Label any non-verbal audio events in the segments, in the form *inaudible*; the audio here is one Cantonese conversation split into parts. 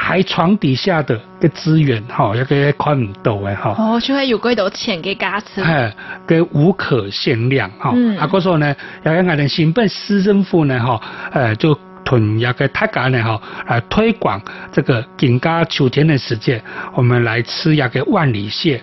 海床底下的個資源哈，嗰個看唔到誒哈。哦，就喺有 u g 錢去家吃。嘿，個無可限量哈。嗯。啊、嗯，嗰時候呢，嗰個咱新北市政府呢，哈，誒，就囤入個太加呢，哈，來推廣這個金家秋天的時間，我們來吃個萬里蟹。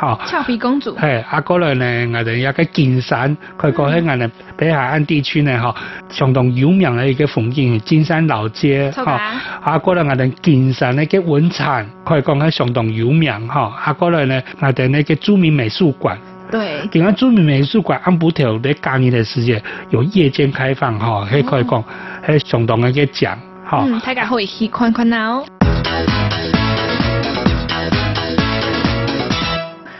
哦、俏皮公主。係阿哥咧，啊、我呢我哋有個金山，可以講喺我哋北海岸地區呢，嚇、哦，相當有名嘅一個風景，金山老街，嚇，阿哥咧我哋金山呢個文產，可以講係相當有名，嚇、哦，阿哥咧呢我哋呢個著名美術館。對，點解著名美術館。館按不咧，啲假日時間有夜間開放，嚇、哦，可以講係相當嘅一個獎。好，嚇、嗯嗯，大家可以去看看下、啊。嗯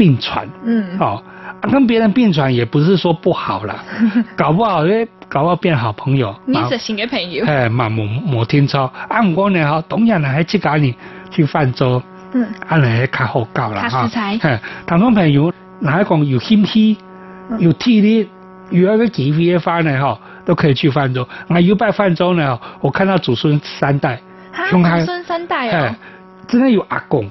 拼船，嗯，好、哦，跟別人拼船也不是說不好了， *laughs* 搞不好誒，搞不好變好朋友，你是新的朋友，誒，滿摩摩聽窗，啊，唔你嗬，當然係喺節假去泛舟，嗯，啊，嚟去睇好教啦，哈，睇食材，哦、朋友，哪一種有心機、嗯，有體力，有阿個幾歲翻嚟嗬，都可以去泛舟，啊，要拜泛舟呢，我看到祖孫三代，祖孫、啊、三代哦，欸、真係有阿公。